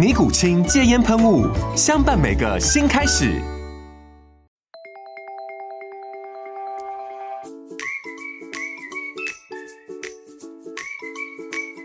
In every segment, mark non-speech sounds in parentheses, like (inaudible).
尼古清戒菸噴霧，相伴每個新開始。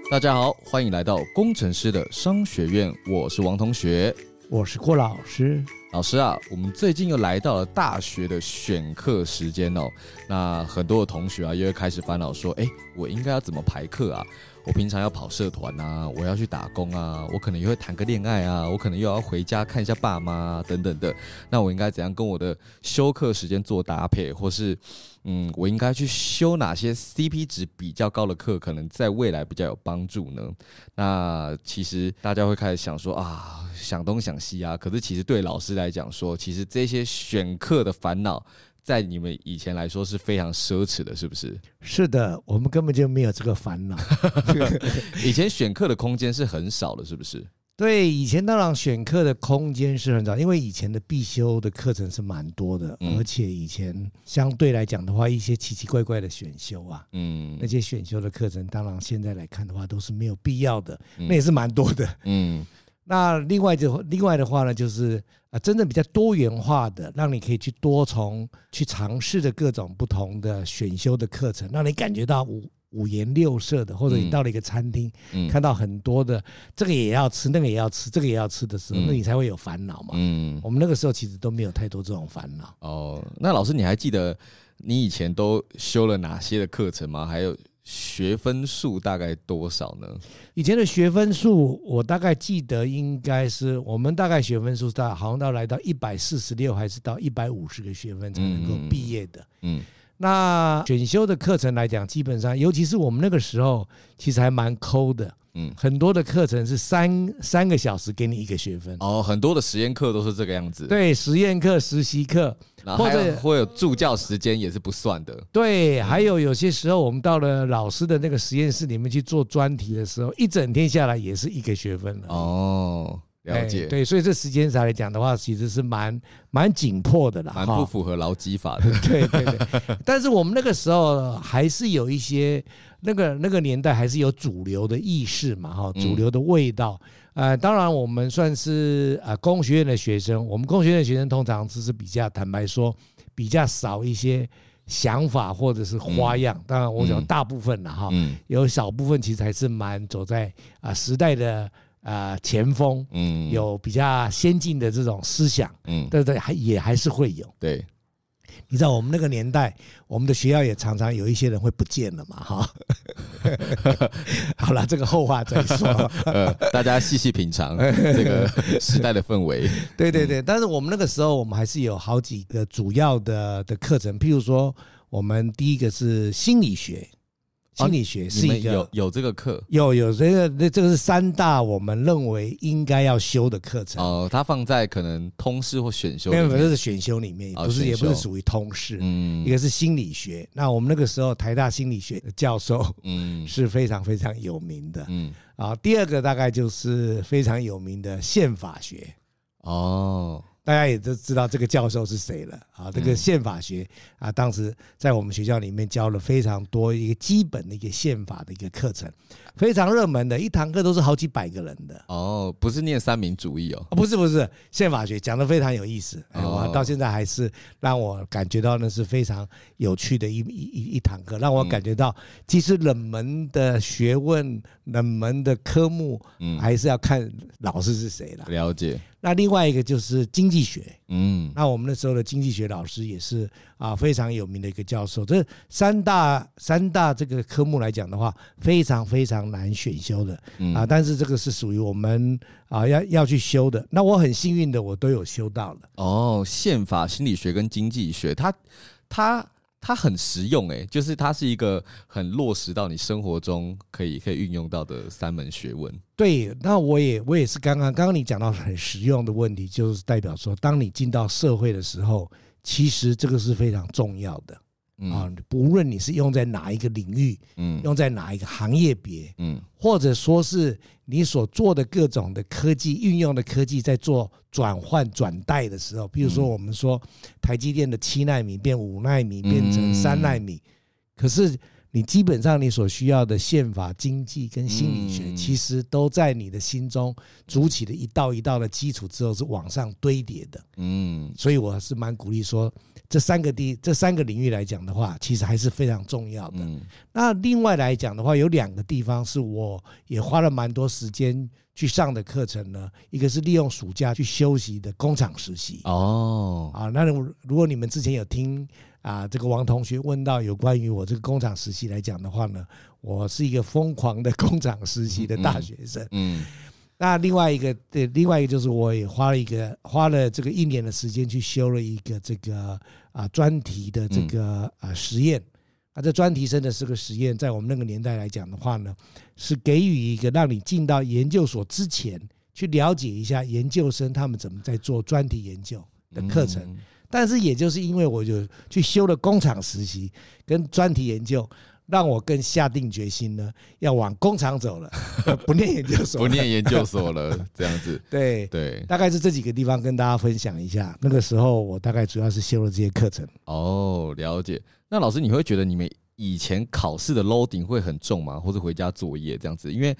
大家好，歡迎來到工程師的商學院，我是王同學，我是郭老師。老師啊，我們最近又來到了大學的選課時間哦，那很多的同學啊，又會開始煩惱說，誒，我應該要怎麼排課啊？我平常要跑社團啊，我要去打工啊，我可能又會談個戀愛啊，我可能又要回家看一下爸媽、啊、等等的。那我應該怎樣跟我的修課時間做搭配，或是嗯，我應該去修哪些 CP 值比較高的課，可能在未來比較有幫助呢？那其實大家會開始想說啊，想東想西啊，可是其實對老師來講說，其實這些選課的煩惱，在你們以前來說是非常奢侈的，是不是？是的，我們根本就沒有這個煩惱。 (laughs) 以前選課的空間是很少的，是不是？對，以前當然選課的空間是很少，因為以前的必修的課程是蠻多的，嗯。而且以前相對來講的話，一些奇奇怪怪的選修啊，嗯，那些選修的課程，當然現在來看的話都是沒有必要的，那也是蠻多的，嗯。嗯那另外就另外的話呢，就是啊，真正比較多元化的，讓你可以去多重去嘗試的各種不同的選修的課程，讓你感覺到五五顏六色的，或者你到了一個餐廳，嗯，看到很多的這個也要吃，那個也要吃，這個也要吃的時候，嗯，那你才會有煩惱嘛。嗯，我們那個時候其實都沒有太多這種煩惱。哦，那老師，你還記得你以前都修了哪些的課程嗎？還有？學分數大概多少呢？以前的學分數，我大概記得應該是，我們大概學分數到好像要來到一百四十六，還是到一百五十個學分才能夠畢業的。嗯，嗯，嗯，那選修的課程來講，基本上，尤其是我們那個時候，其實還蠻摳的。嗯，很多的課程是三三個小時給你一個學分哦，很多的實驗課都是這個樣子。對，實驗課、實習課，或者會有助教時間也是不算的。對，還有有些時候我們到了老師的那個實驗室裡面去做專題的時候，一整天下來也是一個學分了。哦。了解、欸、對，所以這時間上來講的話，其實是蠻蠻緊迫的啦，蠻不符合勞基法的，對對對。但是我們那個時候還是有一些那個那個年代還是有主流的意識嘛，哈，主流的味道。呃，當然我們算是呃工學院的學生，我們工學院的學生通常只是比較坦白說，比較少一些想法或者是花樣。當然，我覺得大部分了哈，有少部分其實還是蠻走在啊、呃、時代的。啊，前鋒，嗯，有比較先進的這種思想，嗯，對對，還也還是會有。對，你知道我們那個年代，我們的學校也常常有一些人會不見了嘛，哈。 (laughs) 好了，這個後話再說。 (laughs) 呃，大家細細品嘗這個時代的氛圍。 (laughs) 對對對，但是我們那個時候，我們還是有好幾個主要的的課程，譬如說，我們第一個是心理學。心理學是一個、哦，有有這個課，有有這個，那這是三大我們認為應該要修的課程。哦，它放在可能通識或選修裡面，因為這是選修裡面，不是、哦、也不是屬於通識。嗯，一個是心理學，那我們那個時候台大心理學的教授，嗯，是非常非常有名的。嗯，啊，第二個大概就是非常有名的憲法學。哦。大家也都知道這個教授是誰了啊？嗯、這個憲法學啊，當時在我們學校裡面教了非常多一個基本的一個憲法的一個課程，非常熱門的，一堂課都是好幾百個人的。哦，不是念三民主義哦，不是不是，憲法學講得非常有意思，哎，我到現在還是讓我感覺到那是非常有趣的一一一一堂課，讓我感覺到其實冷門的學問、冷門的科目，嗯，還是要看老師是誰了。了解。那另外一個就是經濟學，嗯，那我們那時候的經濟學老師也是啊非常有名的一個教授。這三大三大這個科目來講的話，非常非常難選修的，啊、嗯，但是這個是屬於我們啊要要去修的。那我很幸運的，我都有修到了。哦，憲法、心理學跟經濟學，他他，它很實用，誒，就是它是一個很落實到你生活中可以可以運用到的三門學問。對，那我也我也是剛剛剛剛你講到很實用的問題，就是代表說，當你進到社會的時候，其實這個是非常重要的。啊、嗯，不論你是用在哪一個領域，嗯、用在哪一個行業別，嗯、或者說是你所做的各種的科技運用的科技，在做轉換轉代的時候，比如說我們說台積電的七奈米變五奈米變成三奈米，可是。你基本上，你所需要的憲法、經濟跟心理學，其實都在你的心中築起了一道一道的基礎之後，是往上堆疊的。嗯，所以我是蠻鼓勵說這三個地，這三個領域來講的話，其實還是非常重要的。那另外來講的話，有兩個地方是我也花了蠻多時間去上的課程呢。一個是利用暑假去休息的工廠實習。哦，啊，那如果你們之前有聽，啊，這個王同學問到有關於我這個工廠實習來講的話呢，我是一個瘋狂的工廠實習的大學生。嗯，嗯，那另外一個，對，另外一個就是，我也花了一個花了這個一年的時間去修了一個這個啊專題的這個啊實驗。嗯、啊，這專題真的是個實驗，在我們那個年代來講的話呢，是給予一個讓你進到研究所之前去了解一下研究生他們怎麼在做專題研究的課程。嗯但是也就是因為我有去修了工廠實習跟專題研究，讓我更下定決心呢，要往工廠走了，不念研究所，不念研究所了， (laughs) 這樣子。對對，大概是這幾個地方跟大家分享一下。那個時候我大概主要是修了這些課程。哦，了解。那老師，你會覺得你們以前考試的 loading 會很重嗎？或是回家作業這樣子？因為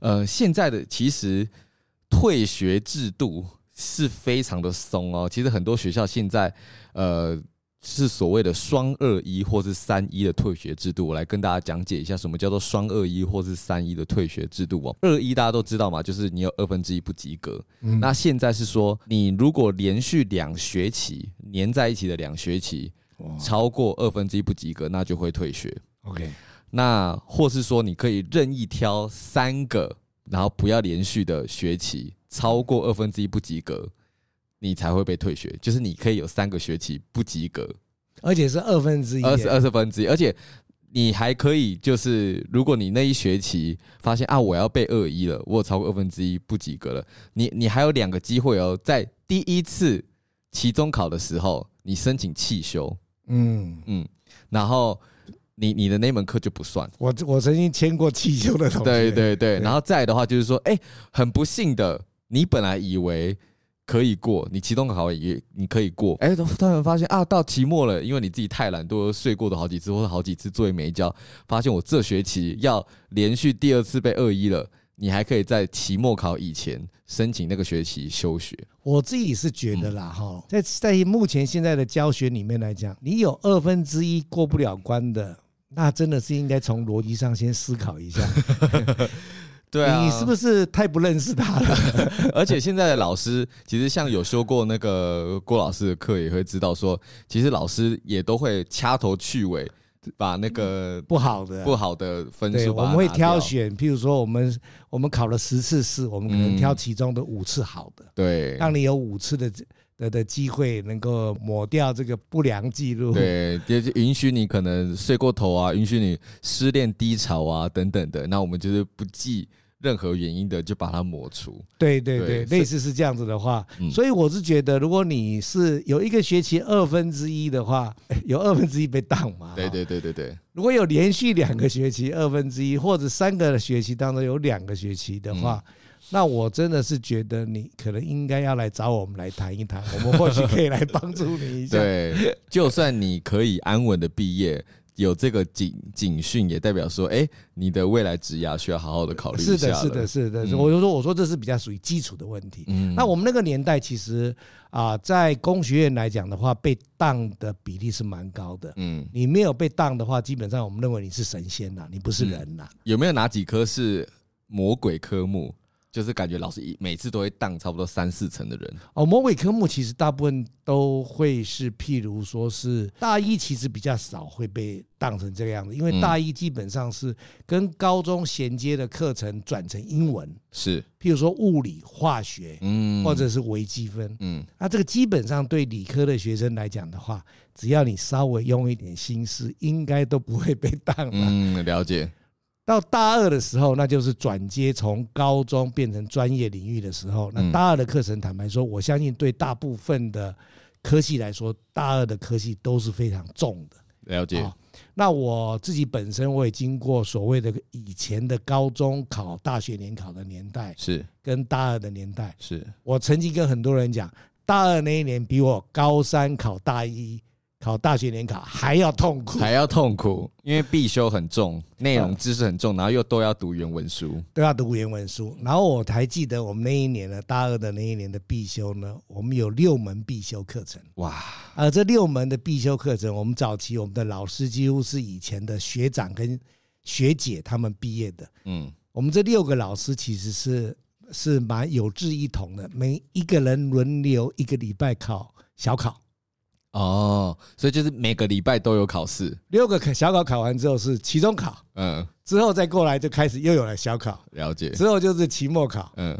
嗯、呃，現在的其實退學制度。是非常的鬆哦，其實很多學校現在，呃，是所謂的雙二一或是三一的退學制度。我來跟大家講解一下，什麼叫做雙二一或是三一的退學制度哦。二一大家都知道嘛，就是你有二分之一不及格，嗯，那現在是說，你如果連續兩學期黏在一起的兩學期哇超過二分之一不及格，那就會退學。OK，那或是說你可以任意挑三個，然後不要連續的學期。超過二分之一不及格，你才會被退學。就是你可以有三個學期不及格，而且是二分之一，二十二十分之一。而且你還可以，就是如果你那一學期發現啊，我要被二一了，我有超過二分之一不及格了，你你還有兩個機會哦。在第一次期中考的時候，你申請棄修，嗯嗯，然後你你的那門課就不算。我我曾經簽過棄修的同學，對對對。然後再的話，就是說，哎，很不幸的。你本來以為可以過，你期中考也你可以過，哎、欸，突然發現啊，到期末了，因為你自己太懶，都睡過了好幾次，或者好幾次作業沒交，發現我這學期要連續第二次被二一了。你還可以在期末考以前申請那個學期休學。我自己是覺得啦，哈、嗯，在在目前現在的教學裡面來講，你有二分之一過不了關的，那真的是應該從邏輯上先思考一下。 (laughs) (laughs) 對啊，欸、你是不是太不認識他了？ (laughs) 而且現在的老師，其實像有修過那個郭老師的課，也會知道說，其實老師也都會掐頭去尾，把那個不好的、不好的分、啊、數，我們會挑選。譬如說，我們我們考了十次試，我們可能挑其中的五次好的，嗯、對，讓你有五次的的的機會，能夠抹掉這個不良記錄，對，也允許你可能睡過頭啊，允許你失戀低潮啊等等的，那我們就是不記。任何原因的就把它抹除。對對對，對類似是這樣子的話，嗯、所以我是覺得，如果你是有一個學期二分之一的話，有二分之一被當嘛？對對對對對。如果有連續兩個學期二分之一，或者三個學期當中有兩個學期的話，嗯、那我真的是覺得你可能應該要來找我們來談一談，我們或許可以來幫助你一下。 (laughs) 對，就算你可以安穩的畢業。有這個警警訊，也代表說，欸，你的未來職涯需要好好的考慮一下，嗯，是。是的，是的，是的。我就說，我說這是比較屬於基礎的問題。嗯，那我們那個年代，其實啊，呃，在工學院來講的話，被當的比例是蠻高的。嗯，你沒有被當的話，基本上我們認為你是神仙吶，你不是人吶，嗯。有沒有哪幾科是魔鬼科目？就是感覺老師一每次都會當差不多三四成的人哦。魔鬼科目其實大部分都會是，譬如說是大一，其實比較少會被當成這個樣子，因為大一基本上是跟高中銜接的課程轉成英文，是譬如說物理、化學，嗯，或者是微積分，嗯，那這個基本上對理科的學生來講的話，只要你稍微用一點心思，應該都不會被當了。嗯，了解。到大二的時候，那就是轉接從高中變成專業領域的時候。那大二的課程，坦白說，我相信對大部分的科系來說，大二的科系都是非常重的。了解。哦，那我自己本身，我也經過所謂的以前的高中考大學聯考的年代，是。跟大二的年代，是。我曾經跟很多人講，大二那一年比我高三考大一。考大學聯考還要痛苦，還要痛苦，因為必修很重，內容知識很重，然後又都要讀原文書，都要讀原文書。然後我還記得我們那一年的大二的那一年的必修呢，我們有六門必修課程。哇！而這六門的必修課程，我們早期我們的老師幾乎是以前的學長跟學姐他們畢業的。嗯，我們這六個老師其實是是蠻有志一同的，每一個人輪流一個禮拜考小考。哦，所以就是每個禮拜都有考試，六個小考考完之後是期中考，嗯，之後再過來就開始又有了小考，了解，之後就是期末考，嗯，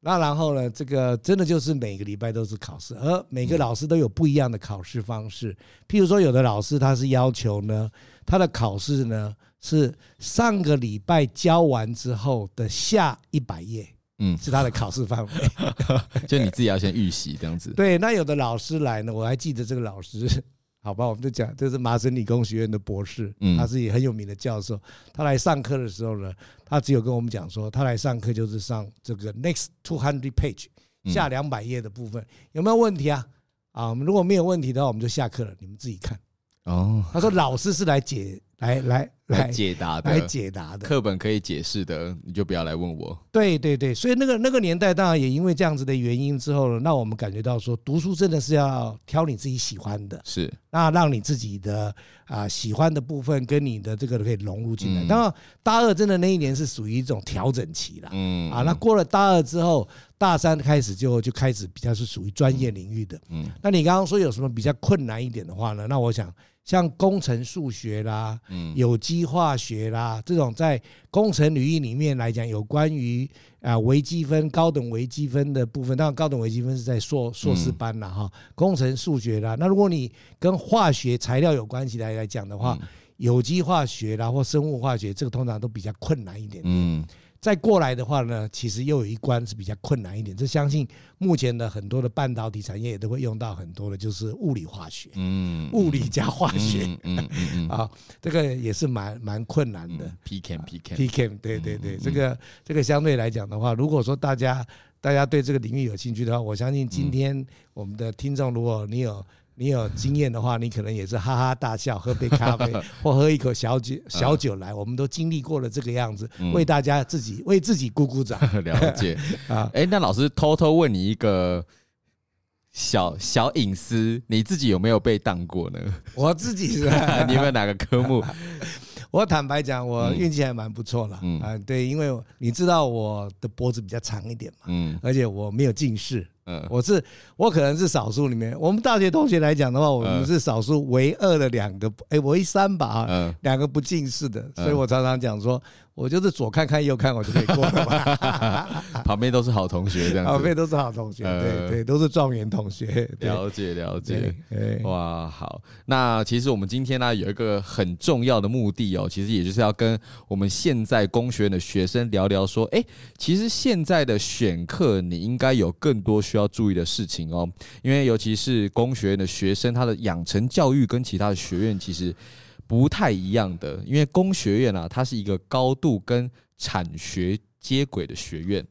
那然後呢，這個真的就是每個禮拜都是考試，而每個老師都有不一樣的考試方式，嗯，譬如說有的老師他是要求呢，他的考試呢是上個禮拜教完之後的下一百頁。嗯，是他的考試範圍，就你自己要先預習這樣子。 (laughs) 對，那有的老師來呢，我還記得這個老師，好吧，我們就講，這是麻省理工學院的博士，嗯，他是也很有名的教授。他來上課的時候呢，他只有跟我們講說，他來上課就是上這個 next two hundred page 下兩百頁的部分，有沒有問題啊？啊、嗯，我們如果沒有問題的話，我們就下課了，你們自己看。哦，他說老師是來解。來來來，解答的，來，來解答的，課本可以解釋的，你就不要來問我。對對對，所以那個那個年代，當然也因為這樣子的原因之後，呢，那我們感覺到說，讀書真的是要挑你自己喜歡的，是那讓你自己的啊、呃、喜歡的部分跟你的這個可以融入進來。嗯、當然，大二真的那一年是屬於一種調整期了，嗯啊，那過了大二之後，大三開始就就開始比較是屬於專業領域的，嗯。那你剛剛說有什麼比較困難一點的話呢？那我想。像工程數學啦，嗯，有機化學啦，嗯嗯這種在工程領域裡面來講，有關於啊微積分、高等微積分的部分，當然高等微積分是在碩碩士班啦，哈。嗯嗯，工程數學啦，那如果你跟化學、材料有關係來來講的話，有機化學啦或生物化學，這個通常都比較困難一點點。嗯，嗯。再過來的話呢,其實又有一關是比較困難一點。這相信目前的很多的半導體產業也都會用到很多的，就是物理化學，嗯，嗯，物理加化學，嗯，嗯嗯嗯啊，這個也是蠻蠻困難的。嗯、P K P K P K，對對對，這個這個相對來講的話，如果說大家大家對這個領域有興趣的話，我相信今天我們的聽眾，如果你有。你有經驗的話，你可能也是哈哈大笑，喝杯咖啡 (laughs) 或喝一口小酒小酒來，嗯、我們都經歷過了這個樣子，為大家自己為自己鼓鼓掌。 (laughs) 了解啊、欸，那老師偷偷問你一個小小隱私，你自己有沒有被當過呢？我自己是， (laughs) 你有沒有哪個科目？ (laughs) 我坦白講，我運氣還蠻不錯啦啊，對，因為你知道我的脖子比較長一點嘛，嗯，而且我沒有近視，嗯，我是我可能是少數裡面，我們大學同學來講的話，我們是少數唯二的兩個，哎，唯三吧啊，兩個不近視的，所以我常常講說。我就是左看看右看，我就可以過了嘛。 (laughs) 旁邊都是好同學，這樣。 (laughs) 旁邊都是好同學，對對，對，都是狀元同學。了解了解。了解哇，好，那其實我們今天呢、啊、有一個很重要的目的哦、喔，其實也就是要跟我們現在工學院的學生聊聊，說，哎、欸，其實現在的選課你應該有更多需要注意的事情哦、喔，因為尤其是工學院的學生，他的養成教育跟其他的學院其實。不太一樣的，因為工學院啊，它是一個高度跟產學接軌的學院。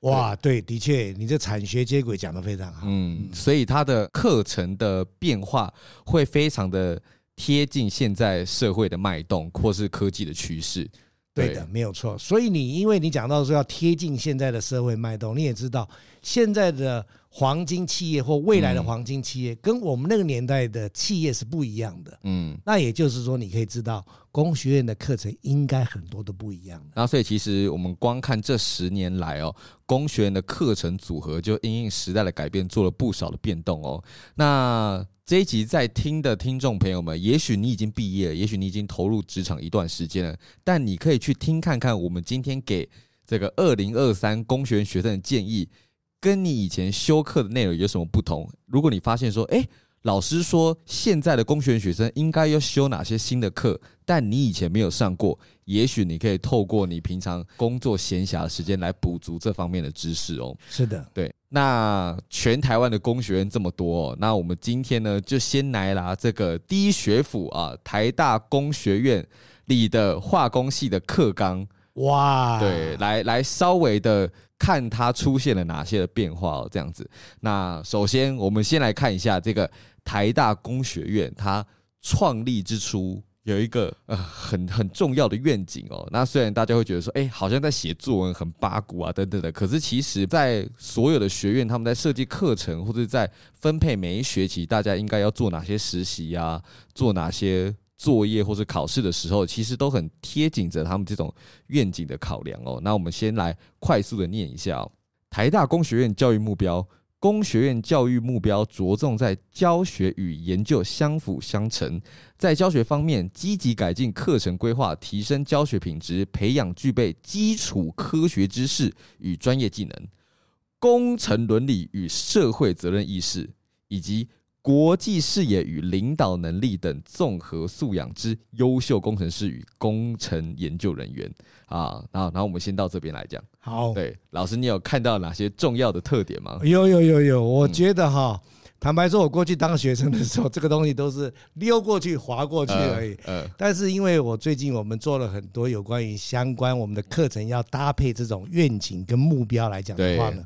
哇，對，的確，你這產學接軌講的非常好。嗯，所以它的課程的變化會非常的貼近現在社會的脈動，或是科技的趨勢。對，對的，沒有錯。所以你因為你講到說要貼近現在的社會脈動，你也知道現在的。黃金企業或未來的黃金企業，嗯、跟我們那個年代的企業是不一樣的。嗯，那也就是說，你可以知道，工學院的課程應該很多都不一樣。然後所以，其實我們光看這十年來哦，工學院的課程組合，就因應時代的改變，做了不少的變動哦、喔。那這一集在聽的聽眾朋友們，也許你已經畢業，也許你已經投入職場一段時間了，但你可以去聽看看，我們今天給這個二零二三工學院學生的建議。跟你以前修課的內容有什麼不同？如果你發現說，誒、欸，老師說現在的工學院學生應該要修哪些新的課，但你以前沒有上過，也許你可以透過你平常工作閒暇的時間來補足這方面的知識哦。是的，對。那全台灣的工學院這麼多哦，那我們今天呢，就先來拿這個第一學府啊，台大工學院裡的化工系的課綱。哇，Wow 對，來來稍微的看它出現了哪些的變化哦，這樣子。那首先我們先來看一下這個台大工學院，它創立之初有一個呃很很重要的願景哦、喔。那雖然大家會覺得說，哎、欸，好像在寫作文很八股啊等等的，可是其實，在所有的學院，他們在設計課程或者在分配每一學期大家應該要做哪些實習呀、啊，做哪些。作業或者考試的時候，其實都很貼緊着他們這種願景的考量哦、喔。那我們先來快速的念一下喔，台大工學院教育目標，工學院教育目標着重在教學與研究相輔相成，在教學方面，積極改進課程規劃，提升教學品質，培養具備基礎科學知識與專業技能、工程倫理與社會責任意識，以及。國際視野與領導能力等綜合素養之優秀工程師與工程研究人員啊，然後，然後，我們先到這邊來講。好，對，老師，你有看到哪些重要的特點嗎？有，有，有，有。我覺得哈，嗯、坦白說，我過去當學生的時候，這個東西都是溜過去、滑過去而已。嗯、呃。呃、但是，因為我最近我們做了很多有關於相關我們的課程要搭配這種願景跟目標來講的話呢。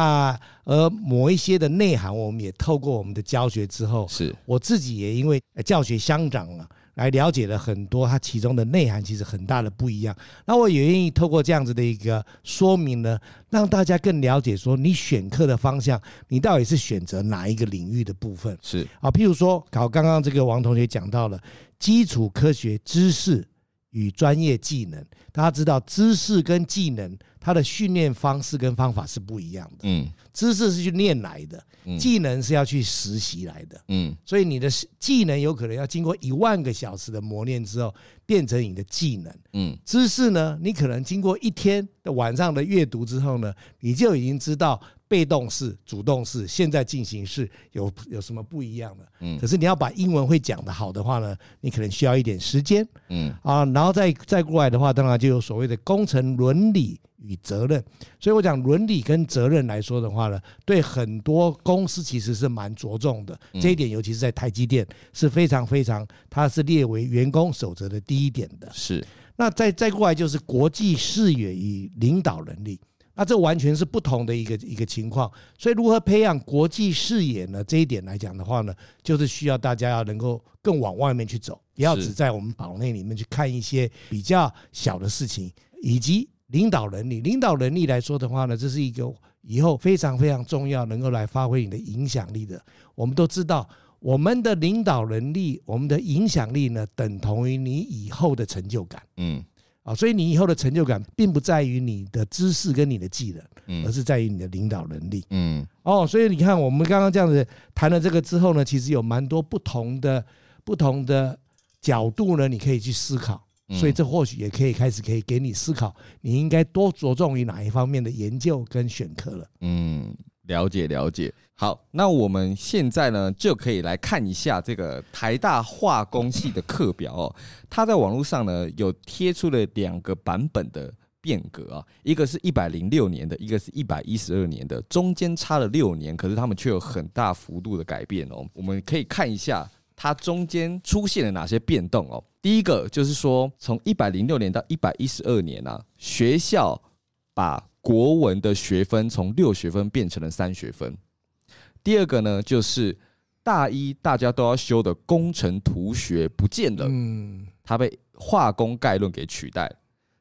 那、啊、而某一些的內涵，我們也透過我們的教學之後，是我自己也因為教學相長了、啊，來了解了很多它其中的內涵，其實很大的不一樣。那我也願意透過這樣子的一個說明呢，讓大家更了解說，你選課的方向，你到底是選擇哪一個領域的部分是啊？譬如說，考剛剛這個王同學講到了基礎科學知識，與專業技能，大家知道，知識跟技能，它的訓練方式跟方法是不一樣的。嗯，知識是去練來的，嗯、技能是要去實習來的。嗯，所以你的技能有可能要經過一萬個小時的磨練之後，變成你的技能。嗯，知識呢，你可能經過一天的晚上的閱讀之後呢，你就已經知道。被動式、主動式、現在進行式有有什麼不一樣的？嗯，可是你要把英文會講得好的話呢，你可能需要一點時間。嗯啊，然後再再過來的話，當然就有所謂的工程倫理與責任。所以我講倫理跟責任來說的話呢，對很多公司其實是蠻着重的這一點，尤其是在台積電是非常非常，它是列為員工守則的第一點的。是那再再過來就是國際視野與領導能力。它、啊、這完全是不同的一個一個情況，所以如何培養國際視野呢？這一點來講的話呢，就是需要大家要能夠更往外面去走，不要只在我們島內裡面去看一些比較小的事情，以及領導能力。領導能力來說的話呢，這是一個以後非常非常重要，能夠來發揮你的影響力的。我們都知道，我們的領導能力、我們的影響力呢，等同於你以後的成就感。嗯。所以你以後的成就感，並不在於你的知識跟你的技能，而是在於你的領導能力。嗯，嗯，哦，所以你看，我們剛剛這樣子談了這個之後呢，其實有蠻多不同的、不同的角度呢，你可以去思考。所以這或許也可以開始，可以給你思考，你應該多着重於哪一方面的研究跟選課了。嗯。了解了解，好，那我們現在呢就可以來看一下這個台大化工系的課表哦。它在網絡上呢有貼出了兩個版本的變革啊，一個是一百零六年的，一個是一百一十二年的，中間差了六年，可是他們卻有很大幅度的改變哦。我們可以看一下它中間出現了哪些變動哦。第一個就是說，從一百零六年到一百一十二年啊，學校把國文的學分從六學分變成了三學分，第二個呢，就是大一大家都要修的工程圖學不見了，嗯，它被化工概論給取代，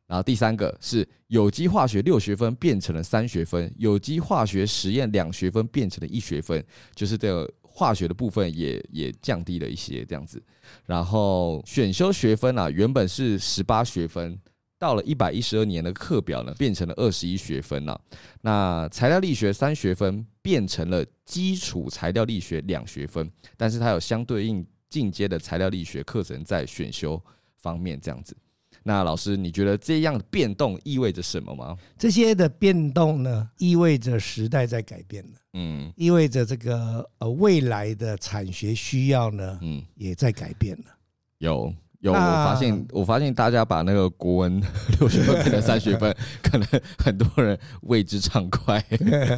然後第三個是有機化學六學分變成了三學分，有機化學實驗兩學分變成了一學分，就是這個化學的部分也也降低了一些這樣子，然後選修學分啊，原本是十八學分。到了一百一十二年的課表呢，變成了二十一學分了。那材料力學三學分變成了基礎材料力學兩學分，但是它有相對應進階的材料力學課程在選修方面這樣子。那老師，你覺得這樣的變動意味着什麼嗎？這些的變動呢，意味着時代在改變了，嗯，意味着這個呃未來的產學需要呢，嗯，也在改變了，有。有，那我發現，我發現大家把那個國文六學分變成三學分， (laughs) 可能很多人為之暢快。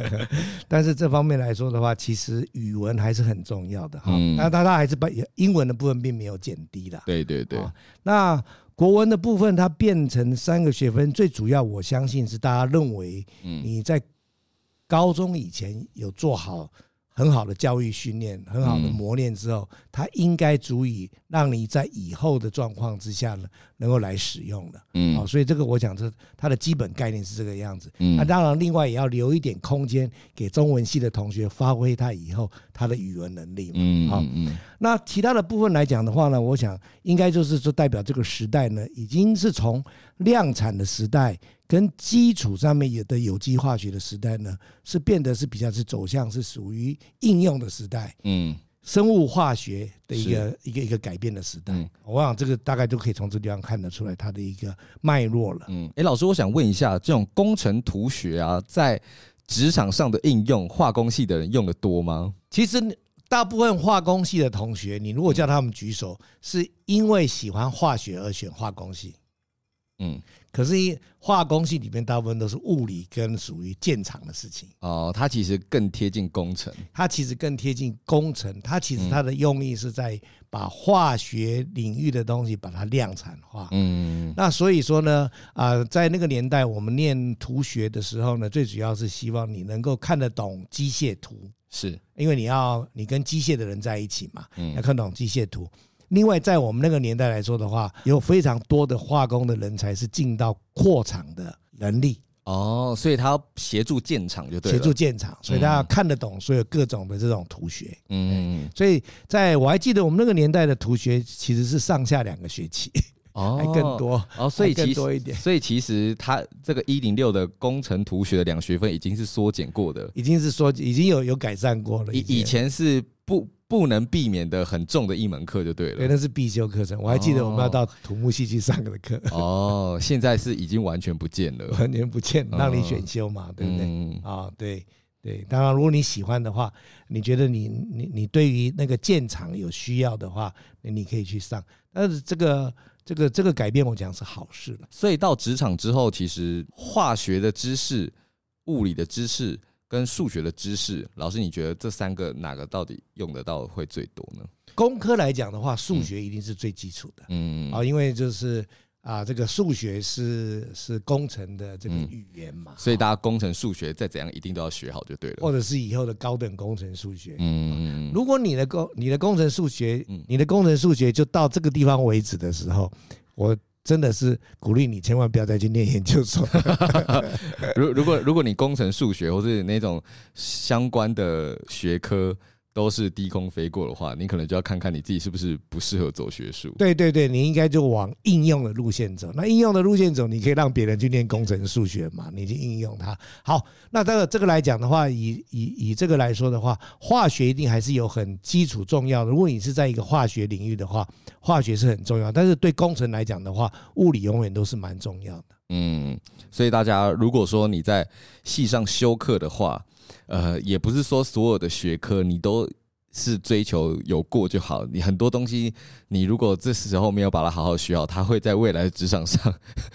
(laughs) 但是這方面來說的話，其實語文還是很重要的哈。那大家還是把英文的部分並沒有減低了。對對對。那國文的部分它變成三個學分，最主要我相信是大家認為你在高中以前有做好。很好的教育訓練，很好的磨練之後，嗯、它應該足以讓你在以後的狀況之下呢，能夠來使用的。嗯，好、哦，所以這個我想這它的基本概念是這個樣子。嗯，那、啊、當然另外也要留一點空間給中文系的同學發揮他以後他的語文能力。嗯,嗯,嗯好。嗯。那其他的部分來講的話呢，我想應該就是說代表這個時代呢，已經是從量產的時代。跟基礎上面有的有機化學的時代呢，是變得是比較是走向是屬於應用的時代，嗯，生物化學的一個是一個一個改變的時代，嗯、我想這個大概都可以從這個地方看得出來它的一個脈絡了，嗯，哎、欸，老師，我想問一下，這種工程圖學啊，在職場上的應用，化工系的人用的多嗎？其實大部分化工系的同學，你如果叫他們舉手，是因為喜歡化學而選化工系，嗯。可是，化工系裡面大部分都是物理跟屬於建廠的事情。哦，它其實更貼近工程。它其實更貼近工程。它其實它的用意是在把化學領域的東西把它量產化。嗯。那所以說呢，啊，在那個年代，我們念圖學的時候呢，最主要是希望你能夠看得懂機械圖，是因為你要你跟機械的人在一起嘛，要看懂機械圖。另外，在我們那個年代來說的話，有非常多的化工的人才是進到擴廠的能力哦，所以他協助建廠就對了，協助建廠，所以大家看得懂，所有各種的這種圖學，嗯，所以在我還記得我們那個年代的圖學其實是上下兩個學期哦，還更多哦，所以其實所以其實他這個一零六的工程圖學的兩學分已經是縮減過的，已經是說已經有有改善過了，以以前是不。不能避免的很重的一門課就對了，對，那是必修課程。我還記得我們要到土木系去上的課。哦，現在是已經完全不見了， (laughs) 完全不見了，讓你選修嘛，對不對？嗯，啊，對對。當然，如果你喜歡的話，你覺得你你你對於那個建廠有需要的話，那你可以去上。但是這個這個這個改變，我講是好事了。所以到職場之後，其實化學的知識、物理的知識。跟數學的知識，老師，你覺得這三個哪個到底用得到會最多呢？工科來講的話，數學一定是最基礎的，嗯啊、嗯嗯嗯，因為就是啊，這個數學是是工程的這個語言嘛，嗯、所以大家工程數學再怎樣，一定都要學好就對了，或者是以後的高等工程數學，嗯嗯、嗯嗯，如果你的工你的工程數學，你的工程數學就到這個地方為止的時候，我。真的是鼓勵你，千萬不要再去念研究所。如 (laughs) 如果如果你工程數學或是那種相關的學科，都是低空飛過的話，你可能就要看看你自己是不是不適合走學術。對對對，你應該就往應用的路線走。那應用的路線走，你可以讓別人去念工程數學嘛，你去應用它。好，那這個這個來講的話，以以以這個來說的話，化學一定還是有很基礎重要的。如果你是在一個化學領域的話，化學是很重要的。但是對工程來講的話，物理永遠都是蠻重要的。嗯，所以大家如果說你在系上修課的話，呃，也不是說所有的學科你都是追求有過就好，你很多東西，你如果這時候沒有把它好好學好，它會在未來的職場上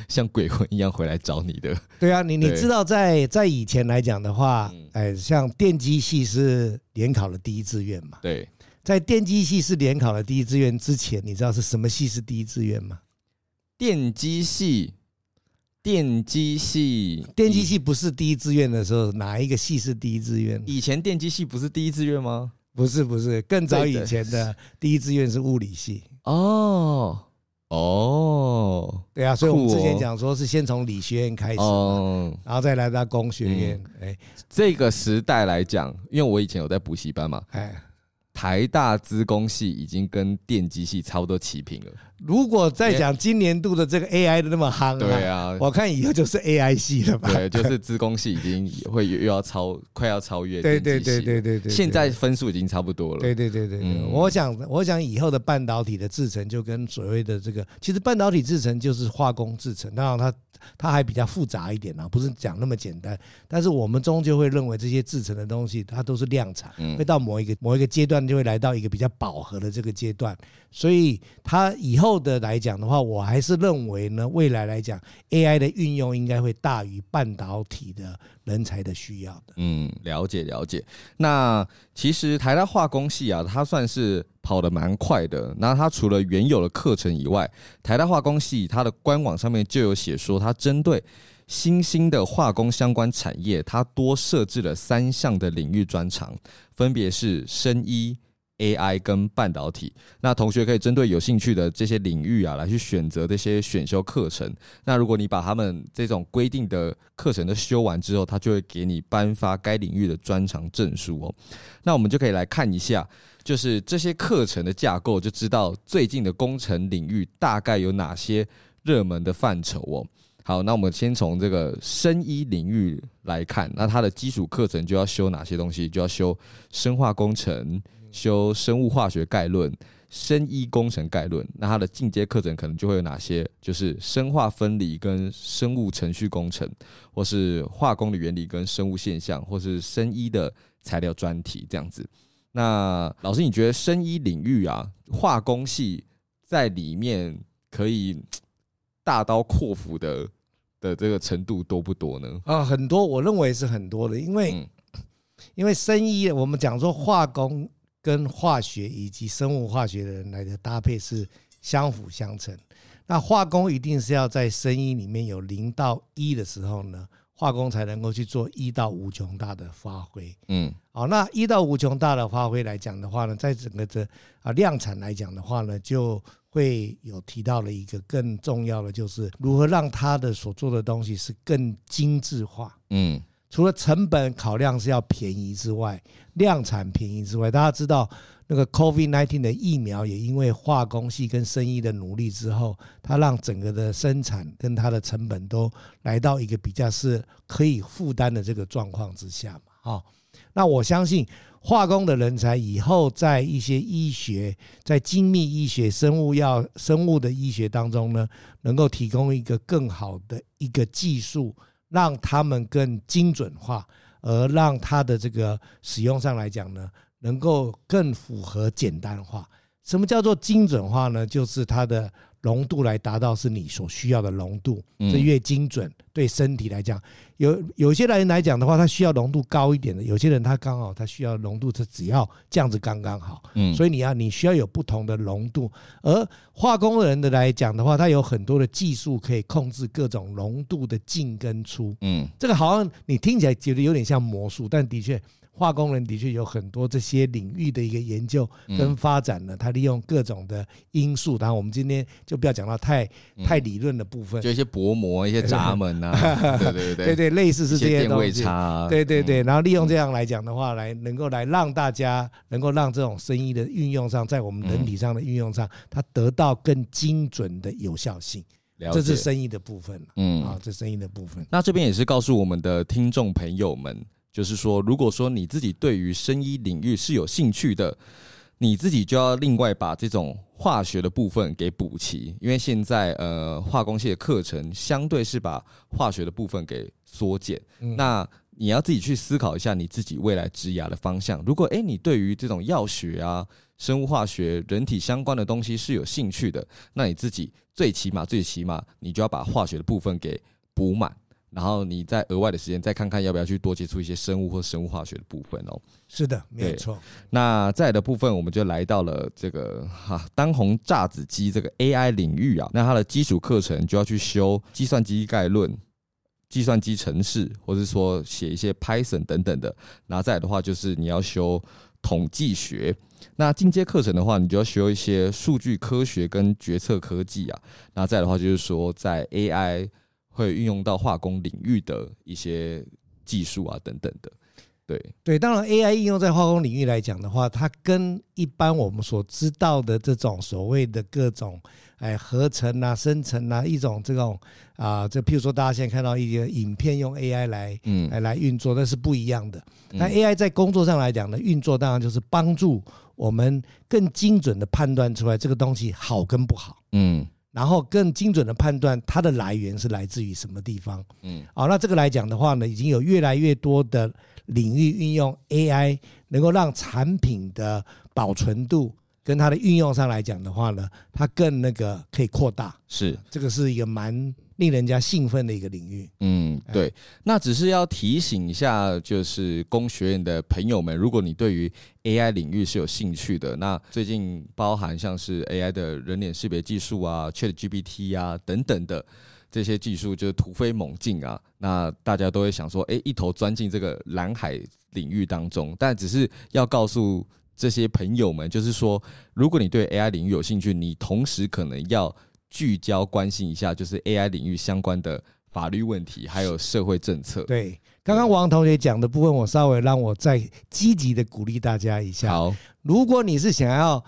像鬼魂一樣回來找你的。對啊，你對你知道在在以前來講的話，嗯、哎，像電機系是聯考的第一志願嘛？對，在電機系是聯考的第一志願之前，你知道是什麼系是第一志願嗎？電機系。電機系，電機系不是第一志願的時候，哪一個系是第一志願？以前電機系不是第一志願嗎？不是，不是，更早以前的第一志願是物理系。哦哦，對啊，所以我們之前講說是先從理學院開始，然後再來到工學院。哎，這個時代來講，因為我以前有在補習班嘛，哎，台大資工系已經跟電機系差不多齊平了。如果再講今年度的這個 AI 的那麼夯，對啊，我看以後就是 AI 系了吧？對，就是資工系已經會又要超，快要超越。對對對對對對。現在分數已經差不多了。對對對對，對，我想，我想以後的半導體的制程，就跟所謂的這個，其實半導體制程就是化工制程，當然它它還比較複雜一點啊，不是講那麼簡單。但是我們終究會認為這些製程的東西，它都是量產，會到某一個某一個階段，就會來到一個比較飽和的這個階段，所以它以後。後的來講的話，我還是認為呢，未來來講，AI 的運用應該會大於半導體的人才的需要的。嗯，了解了解。那其實台大化工系啊，它算是跑得蠻快的。那它除了原有的課程以外，台大化工系它的官網上面就有寫說，它針對新興的化工相關產業，它多設置了三項的領域專長，分別是生醫、AI 跟半導體，那同學可以針對有興趣的這些領域啊，來去選擇這些選修課程。那如果你把他們這種規定的課程都修完之後，他就會給你頒發該領域的專長證書哦。那我們就可以來看一下，就是這些課程的架構，就知道最近的工程領域大概有哪些熱門的範疇哦。好，那我們先從這個生醫領域來看，那它的基礎課程就要修哪些東西？就要修生化工程。修生物化學概論、生醫工程概論，那它的進階課程可能就會有哪些？就是生化分離跟生物程序工程，或是化工的原理跟生物現象，或是生醫的材料專題這樣子。那老師，你覺得生醫領域啊，化工系在裡面可以大刀闊斧的的這個程度多不多呢？啊，很多，我認為是很多的，因為、嗯、因為生醫我們講說化工。跟化學以及生物化學的人來的搭配是相輔相成。那化工一定是要在生醫裡面有零到一的時候呢，化工才能夠去做一到無窮大的發揮。嗯，好、哦，那一到無窮大的發揮來講的話呢，在整個的啊量產來講的話呢，就會有提到了一個更重要的，就是如何讓他的所做的東西是更精緻化。嗯。除了成本考量是要便宜之外，量產便宜之外，大家知道那個 COVID-19 的疫苗也因為化工系跟生醫的努力之後，它讓整個的生產跟它的成本都來到一個比較是可以負擔的這個狀況之下嘛，哈。那我相信化工的人才以後在一些醫學、在精密醫學、生物藥、生物的醫學當中呢，能夠提供一個更好的一個技術。讓它們更精準化，而讓它的這個使用上來講呢，能夠更符合簡單化。什麼叫做精準化呢？就是它的。濃度來達到是你所需要的濃度，這越精準，對身體來講，有有些人來講的話，他需要濃度高一點的；有些人他剛好他需要濃度，他只要這樣子剛剛好。所以你要你需要有不同的濃度。而化工人的來講的話，他有很多的技術可以控制各種濃度的進跟出。嗯，這個好像你聽起來覺得有點像魔術，但的確。化工人的確有很多這些領域的一個研究跟發展呢，他利用各種的因素，然後我們今天就不要講到太、嗯、太理論的部分，就一些薄膜、一些閘門啊，對對對對對，對對對類似是這些東西，電位差、啊，對對對。然後利用這樣來講的話，嗯、來能夠來讓大家，能夠讓這種聲音的運用上，在我們人體上的運用上，它得到更精準的有效性。解這是聲音的部分。嗯，啊、哦，這聲音的部分。嗯、那這邊也是告訴我們的聽眾朋友們，就是說，如果說你自己對於生醫領域是有興趣的，你自己就要另外把這種化學的部分給補齊，因為現在呃化工系的課程相對是把化學的部分給縮減。嗯、那你要自己去思考一下你自己未來職涯的方向。如果哎你對於這種藥學啊、生物化學、人體相關的東西是有興趣的，那你自己最起碼、最起碼你就要把化學的部分給補滿。然後你再額外的時間，再看看要不要去多接觸一些生物或生物化學的部分哦、喔。是的，沒錯。那再的部分，我們就來到了這個哈、啊、當紅炸子雞這個 AI 領域啊。那它的基礎課程就要去修計算機概論、計算機程式，或者是說寫一些 Python 等等的。那再的話，就是你要修統計學。那進階課程的話，你就要修一些數據科學跟決策科技啊。那再的話，就是說在 AI。會運用到化工領域的一些技術啊，等等的，對對，當然 AI 應用在化工領域來講的話，它跟一般我們所知道的這種所謂的各種、哎、合成啊、生成啊一種這種啊，這、呃、譬如說大家現在看到一些影片用 AI 來嗯，嗯來來運作，那是不一樣的。那 AI 在工作上來講呢，運作當然就是幫助我們更精準的判斷出來這個東西好跟不好，嗯。然後更精準的判斷它的來源是來自於什麼地方，嗯，好、哦，那這個來講的話呢，已經有越來越多的領域運用 AI，能夠讓產品的保存度跟它的運用上來講的話呢，它更那個可以擴大，是這個是一個蠻。令人家興奮的一個領域。嗯，對。那只是要提醒一下，就是工學院的朋友們，如果你對於 AI 領域是有興趣的，那最近包含像是 AI 的人臉識別技術啊、ChatGPT 啊等等的這些技術，就是突飛猛進啊。那大家都會想說，誒、欸，一頭鑽進這個藍海領域當中。但只是要告訴這些朋友們，就是說，如果你對 AI 領域有興趣，你同時可能要。聚焦關心一下，就是 AI 領域相關的法律問題，還有社會政策。對，剛剛王同學講的部分，我稍微讓我再積極的鼓勵大家一下。好，如果你是想要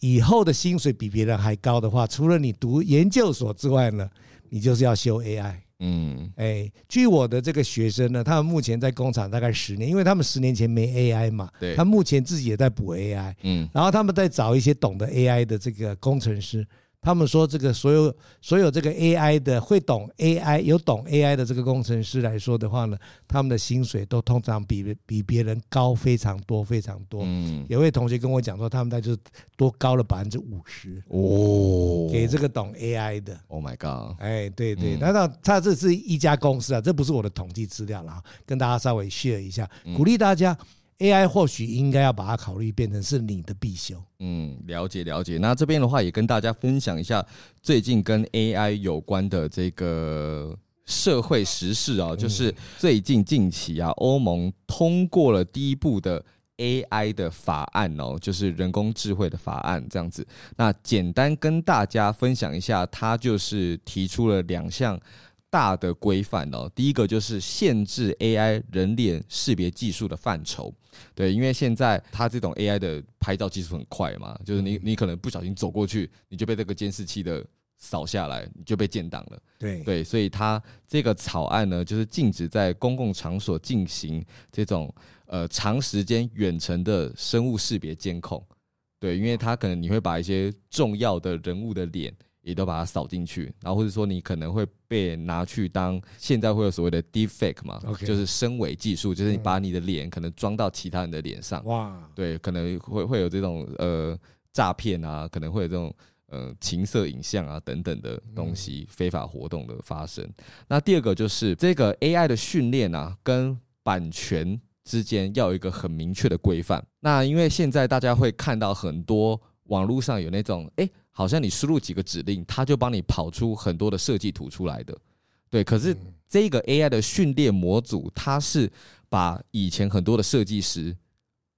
以後的薪水比別人還高的話，除了你讀研究所之外呢，你就是要修 AI。嗯，哎、欸，據我的這個學生呢，他們目前在工廠大概十年，因為他們十年前沒 AI 嘛。對。他目前自己也在補 AI。嗯。然後他們在找一些懂得 AI 的這個工程師。他們說，這個所有所有這個 AI 的會懂 AI 有懂 AI 的這個工程師來說的話呢，他們的薪水都通常比比別人高非常多非常多。嗯，有位同學跟我講說，他們大概就多高了百分之五十哦，給這個懂 AI 的。Oh my god！哎，對對，難道、嗯、他這是一家公司啊？這不是我的統計資料啦，然後跟大家稍微 share 一下，鼓勵大家。AI 或許應該要把它考慮變成是你的必修。嗯，了解了解。那這邊的話也跟大家分享一下最近跟 AI 有關的這個社會時事哦，就是最近近期啊，歐盟通過了第一部的 AI 的法案哦，就是人工智慧的法案這樣子。那簡單跟大家分享一下，他就是提出了兩項。大的規範哦，第一個就是限制 AI 人臉識別技術的範疇，對，因為現在它這種 AI 的拍照技術很快嘛，就是你你可能不小心走過去，你就被這個監視器的掃下來，你就被建檔了，對，對，所以它這個草案呢，就是禁止在公共場所進行這種呃長時間遠程的生物識別監控，對，因為它可能你會把一些重要的人物的臉。也都把它掃進去，然後或者說你可能會被拿去當現在會有所謂的 deep fake 嘛，Okay 就是深偽技術，就是你把你的臉可能裝到其他人的臉上。哇，對，可能會會有這種呃詐騙啊，可能會有這種呃情色影像啊等等的東西，嗯、非法活動的發生。那第二個就是這個 AI 的訓練啊，跟版權之間要有一個很明確的規範。那因為現在大家會看到很多網絡上有那種哎。欸好像你輸入幾個指令，它就幫你跑出很多的設計圖出來的，對。可是這個 AI 的訓練模組，它是把以前很多的設計師，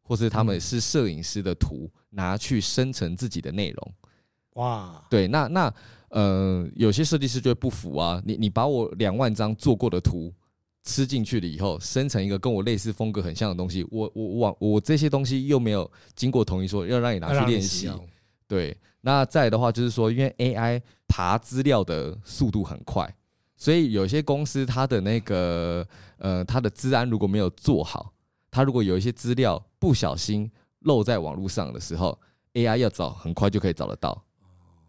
或是他們是攝影師的圖拿去生成自己的內容。哇，對。那那呃，有些設計師就會不服啊。你你把我兩萬張做過的圖吃進去了以後，生成一個跟我類似風格很像的東西，我我我我這些東西又沒有經過同意，說要讓你拿去練習，對。那再的話就是說，因為 AI 爬資料的速度很快，所以有些公司它的那個呃，它的資安如果沒有做好，它如果有一些資料不小心漏在網絡上的時候，AI 要找很快就可以找得到。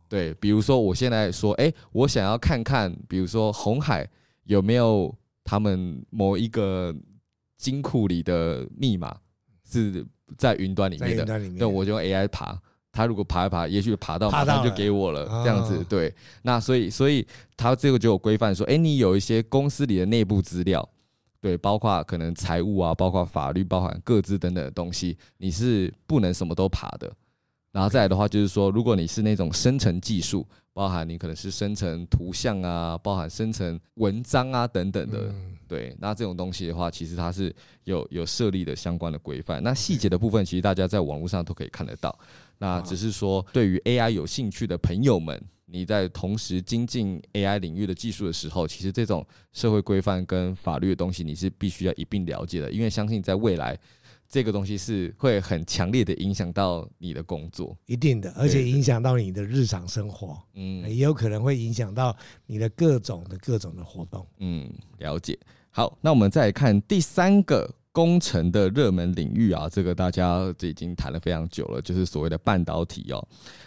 對，比如說我現在說，誒，我想要看看，比如說鴻海有沒有他們某一個金庫裡的密碼是在雲端裡面的，那我就用 AI 爬。他如果爬一爬，也許爬到馬上就給我了，啊、這樣子對。那所以，所以他這個就有規範說，哎、欸，你有一些公司裡的內部資料，對，包括可能財務啊，包括法律，包含個資等等的東西，你是不能什麼都爬的。然後再來的話，就是說，如果你是那種生成技術，包含你可能是生成圖像啊，包含生成文章啊等等的，嗯、對，那這種東西的話，其實它是有有設立的相關的規範。那細節的部分，其實大家在網絡上都可以看得到。那只是說，對於 AI 有興趣的朋友們，你在同時精進 AI 領域的技術的時候，其實這種社會規範跟法律的東西，你是必須要一並了解的。因為相信在未來，這個東西是會很強烈的影響到你的工作，一定的，而且影響到你的日常生活，嗯，也有可能會影響到你的各種的各種的活動，嗯，了解。好，那我們再來看第三個。工程的熱門領域啊，這個大家這已經談了非常久了，就是所謂的半導體哦。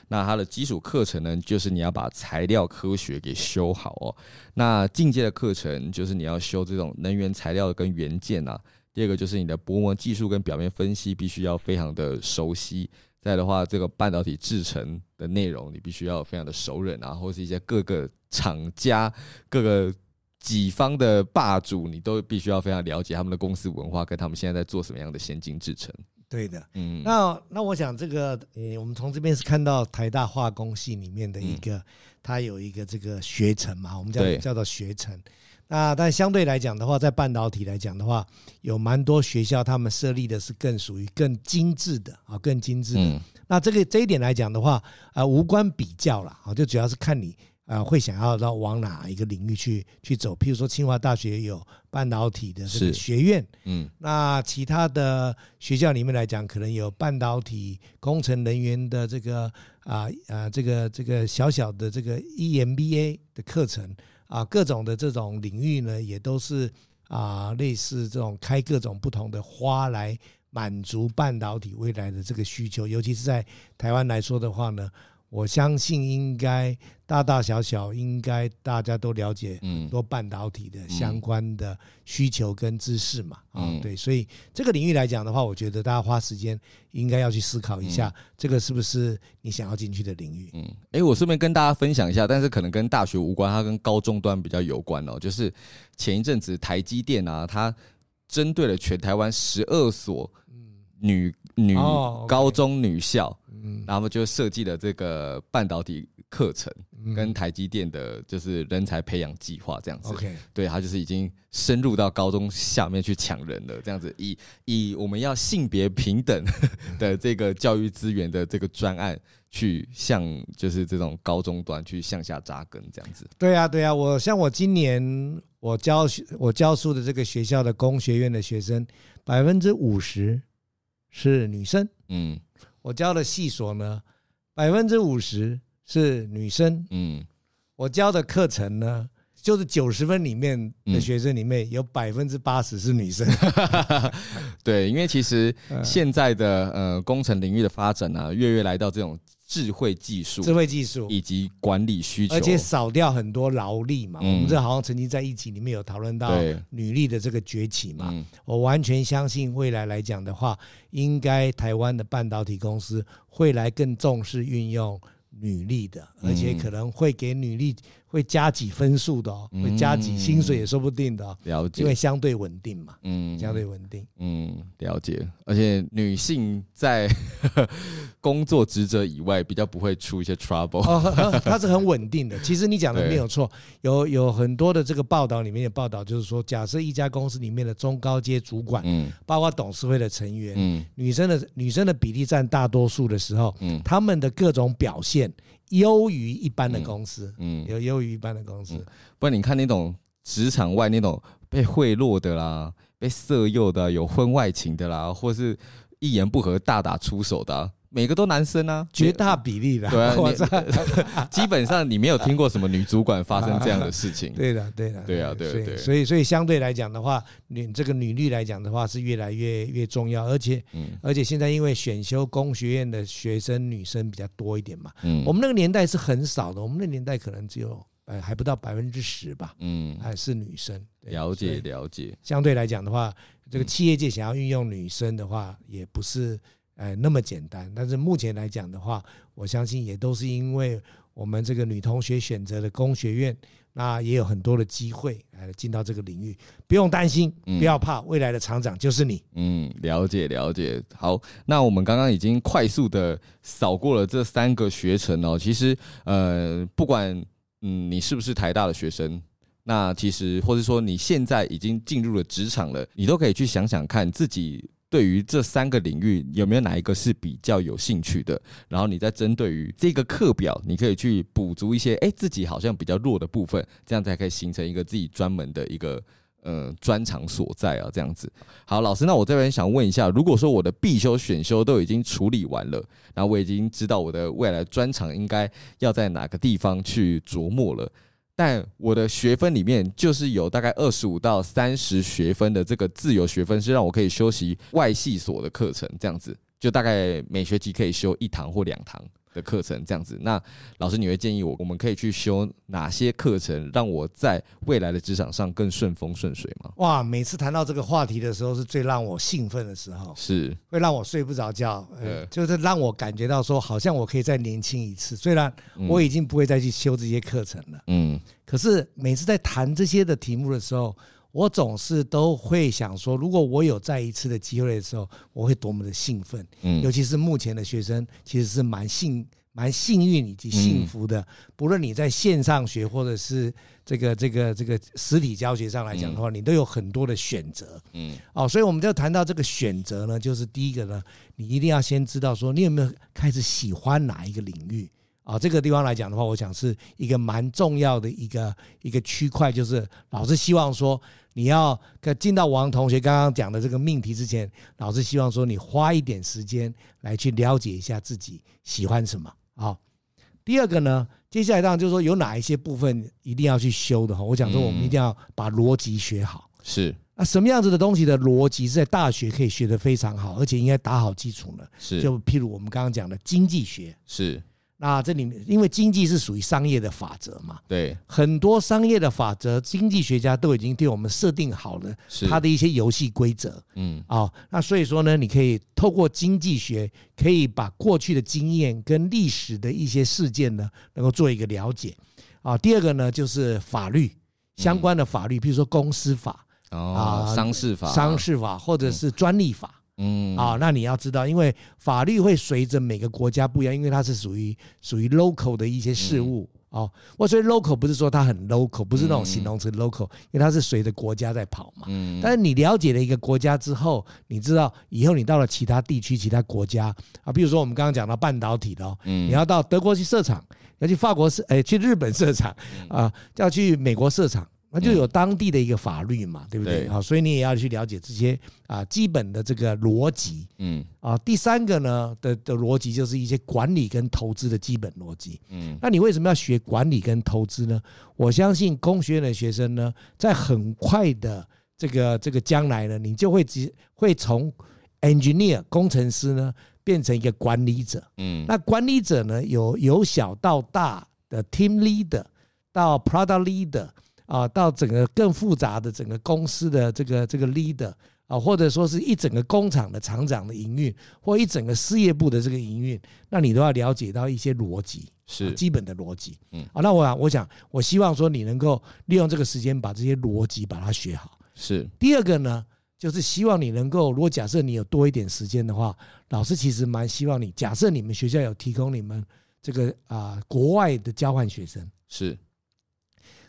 那它的基礎課程呢，就是你要把材料科學給修好哦。那進階的課程，就是你要修這種能源材料跟元件吶啊。第二個就是你的薄膜技術跟表面分析必須要非常的熟悉。再的話，這個半導體製程的內容你必須要非常的熟稔啊，或是一些各個廠家各個。幾方的霸主，你都必須要非常了解他們的公司文化跟他們現在在做什麼樣的先進製程。對的嗯，嗯，那那我想這個，呃，我們從這邊是看到台大化工系裡面的一個，嗯、它有一個這個學程嘛，我們叫對，我們叫做學程。那但相對來講的話，在半導體來講的話，有蠻多學校他們設立的是更屬於更精緻的啊，更精緻的。嗯、那這個這一點來講的話，啊、呃，無關比較啦啊，就主要是看你。啊、呃，會想要到往哪一個領域去去走？譬如說，清華大學有半導體的這個學院，嗯，那其他的學校裡面來講，可能有半導體工程人員的這個啊啊、呃呃，這個這個小小的這個 EMBA 的課程啊、呃，各種的這種領域呢，也都是啊、呃，類似這種開各種不同的花來滿足半導體未來的這個需求，尤其是在台灣來說的話呢，我相信應該大大小小應該大家都了解很多半導體的相關的需求跟知識嘛啊、嗯嗯哦、對，所以這個領域來講的話，我覺得大家花時間應該要去思考一下，這個是不是你想要進去的領域？嗯，哎、欸，我順便跟大家分享一下，但是可能跟大學無關，它跟高中端比較有關哦。就是前一陣子台積電啊，它針對了全台灣十二所女女高中女校。哦 okay 然後就設計了這個半導體課程，跟台積電的就是人才培養計劃這樣子 Okay。對，他就是已經深入到高中下面去搶人了，這樣子以以我們要性別平等的這個教育資源的這個專案去向，就是這種高中端去向下扎根這樣子，對啊。對呀，對呀，我像我今年我教我教書的這個學校的工學院的學生，百分之五十是女生，嗯。我教的系所呢，百分之五十是女生，嗯，我教的課程呢，就是九十分裡面的學生裡面有百分之八十是女生，嗯。 (laughs) 對，因為其實現在的呃工程領域的發展呢，啊，月月來到這種。智慧技術、智慧技術以及管理需求，而且少掉很多勞力嘛。嗯、我們這好像曾經在一集裡面有討論到女力的這個崛起嘛。我完全相信未來來講的話，應該台灣的半導體公司會來更重視運用女力的，而且可能會給女力，會加幾分數的哦、喔，會加幾薪水也說不定的哦、喔嗯，了解，因為相對穩定嘛，嗯，相對穩定，嗯，了解，而且女性在 (laughs) 工作職責以外比較不會出一些 trouble，它、哦、是很穩定的。 (laughs) 其實你講的沒有錯，對有有很多的這個報道裡面的報道，就是說，假設一家公司裡面的中高階主管，嗯，包括董事會的成員，嗯，女生的女生的比例佔大多數的時候，嗯，他們的各種表現。優於一般的公司，嗯，嗯，有優於一般的公司，嗯。不然你看那種職場外那種被賄賂的啦，被色誘的，有婚外情的啦，或是一言不合大打出手的，啊。每個都男生啊，絕，大比例的，啊、 (laughs) 基本上你沒有聽過什麼女主管發生這樣的事情 (laughs) 對，對的，對的，對啊，對，所以所以，所以相對來講的話，你這個女力來講的話是越來越越重要，而且，嗯，而且現在因為選修工學院的學生女生比較多一點嘛，嗯，我們那個年代是很少的，我們那個年代可能只有呃還不到百分之十吧，嗯，還、呃、是女生，了解了解，以了解相對來講的話，這個企業界想要運用女生的話、嗯、也不是。哎、呃，那麼簡單。但是目前來講的話，我相信也都是因為我們這個女同學選擇了工學院，那也有很多的機會，哎，進到這個領域，不用擔心，不要怕，嗯、未來的廠長就是你。嗯，了解了解。好，那我們剛剛已經快速的掃過了這三個學程哦、喔。其實，呃，不管嗯你是不是台大的學生，那其實或者說你現在已經進入了職場了，你都可以去想想看自己。對於這三個領域，有沒有哪一個是比較有興趣的？然後你再針對於這個課表，你可以去補足一些，誒，自己好像比較弱的部分，這樣才可以形成一個自己專門的一個，嗯、呃，專長所在啊。這樣子，好，老師，那我這邊想問一下，如果說我的必修、選修都已經處理完了，然後我已經知道我的未來的專長應該要在哪個地方去琢磨了。但我的學分裡面，就是有大概二十五到三十學分的這個自由學分，是讓我可以修習外系所的課程，這樣子，就大概每學期可以修一堂或兩堂。的課程這樣子，那老師你會建議我，我們可以去修哪些課程，讓我在未來的職場上更順風順水嗎？哇，每次談到這個話題的時候，是最讓我興奮的時候，是會讓我睡不着覺對、欸，就是讓我感覺到說，好像我可以再年輕一次。雖然我已經不會再去修這些課程了，嗯，可是每次在談這些的題目的時候。我總是都會想說，如果我有再一次的機會的時候，我會多麼的興奮。尤其是目前的學生，其實是蠻幸蠻幸運以及幸福的。不論你在線上學或者是這個這個這個實體教學上來講的話，你都有很多的選擇。嗯，哦，所以我們就談到這個選擇呢，就是第一個呢，你一定要先知道說，你有沒有開始喜歡哪一個領域。啊，這個地方來講的話，我想是一個蠻重要的一個一個區塊，就是老師希望說你要進到王同學剛剛講的這個命題之前，老師希望說你花一點時間來去了解一下自己喜歡什麼好。哦，第二個呢，接下來當然就是說有哪一些部分一定要去修的哈。我想說，我們一定要把邏輯學好。嗯，是。那什麼樣子的東西的邏輯是在大學可以學得非常好，而且應該打好基礎呢？是，就譬如我們剛剛講的經濟學。是。啊，這裡面因為經濟是屬於商業的法則嘛，對，很多商業的法則，經濟學家都已經對我們設定好了它的一些遊戲規則，嗯，啊、哦，那所以說呢，你可以透過經濟學，可以把過去的經驗跟歷史的一些事件呢，能夠做一個了解，啊，第二個呢就是法律相關的法律，比、嗯、如說公司法，哦、啊，商事，啊商事法，商事法或者是專利法。嗯嗯啊、嗯嗯哦，那你要知道，因為法律會隨着每個國家不一樣，因為它是屬於屬於 local 的一些事物，哦，我所以 local 不是說它很 local，不是那種形容詞 local，因為它是隨着國家在跑嘛。嗯。但是你了解了一個國家之後，你知道以後你到了其他地區、其他國家啊，比如說我們剛剛講到半導體的哦，你要到德國去設廠，要去法國設，誒、欸，去日本設廠啊，要去美國設廠。那就有當地的一個法律嘛，嗯、對不對？所以你也要去了解這些啊基本的這個邏輯，嗯啊，第三個呢的的邏輯就是一些管理跟投資的基本邏輯，嗯，那你為什麼要學管理跟投資呢？我相信工學院的學生呢，在很快的這個這個將來呢，你就會會會從 engineer 工程師呢變成一個管理者，嗯，那管理者呢有由,由小到大的 team leader 到 product leader。啊，到整個更複雜的整個公司的這個這個 leader 啊，或者說是一整個工廠的廠長的營運，或一整個事業部的這個營運，那你都要了解到一些邏輯，是基本的邏輯。嗯，那我、啊、我想，我希望說你能夠利用這個時間把這些邏輯把它學好。是第二個呢，就是希望你能夠，如果假設你有多一點時間的話，老師其實蠻希望你，假設你們學校有提供你們這個啊國外的交換學生是。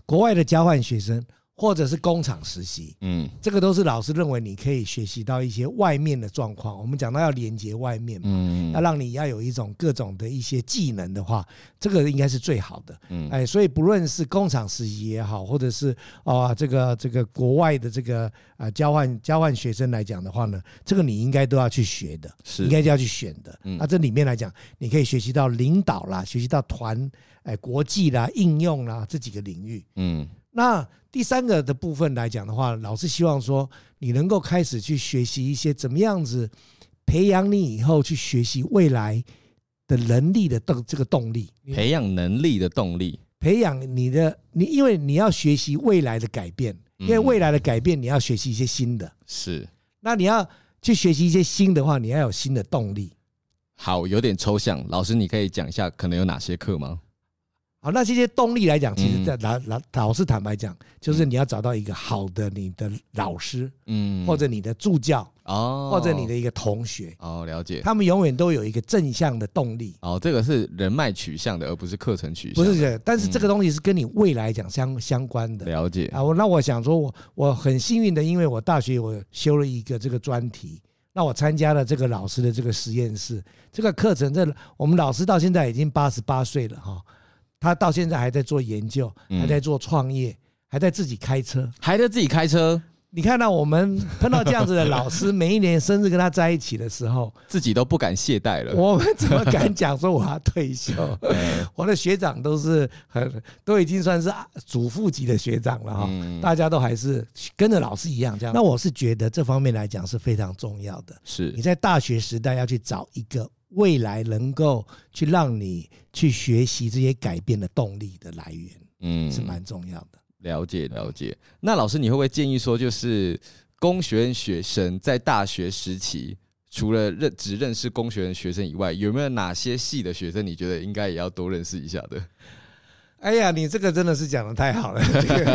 國外的交換學生，或者是工廠實習，嗯，這個都是老師認為你可以學習到一些外面的狀況。我們講到要連接外面嘛，要讓你要有一種各種的一些技能的話，這個應該是最好的。哎，所以不論是工廠實習也好，或者是啊這個這個國外的這個啊交換交換學生來講的話呢，這個你應該都要去學的，是應該就要去選的，啊。那這裡面來講，你可以學習到領導啦，學習到團。哎，國際啦，應用啦這幾個領域。嗯，那第三個的部分來講的話，老師希望說你能夠開始去學習一些怎麼樣子培養你以後去學習未來的能力的動這個動力。培養能力的動力，培養你的你，因為你要學習未來的改變，因為未來的改變你要學習一些新的。是。那你要去學習一些新的話，你要有新的動力。好，有點抽象。老師，你可以講一下可能有哪些課嗎？好、哦，那這些動力來講，其實在哪哪、嗯，老師坦白講，就是你要找到一個好的你的老師，嗯，或者你的助教，哦，或者你的一個同學，哦，了解，他們永遠都有一個正向的動力。哦，這個是人脈取，取向的，而不是課程取向，不是的。但是這個東西是跟你未來講相、嗯、相關的。了解。啊，那我想說，我我很幸運的，因為我大學我修了一個這個專題，那我參加了這個老師的這個實驗室，這個課程，在我們老師到現在已經八十八歲了，哈。他到現在還在做研究，還在做創業，還在自己開車，還在自己開車。你看到我們碰到這樣子的老師，每一年生日跟他在一起的時候，自己都不敢懈怠了。我們怎麼敢講說我要退休？我的學長都是很都已經算是祖父級的學長了哈，大家都還是跟着老師一樣這樣。那我是覺得這方面來講是非常重要的。是，你在大學時代要去找一個。未來能夠去讓你去學習這些改變的動力的來源，嗯，是蠻重要的。嗯、了解了解。那老師，你會不會建議說，就是工學院學生在大學時期，除了認只認識工學院學生以外，有沒有哪些系的學生，你覺得應該也要多認識一下的？哎呀，你這個真的是講得太好了。這個，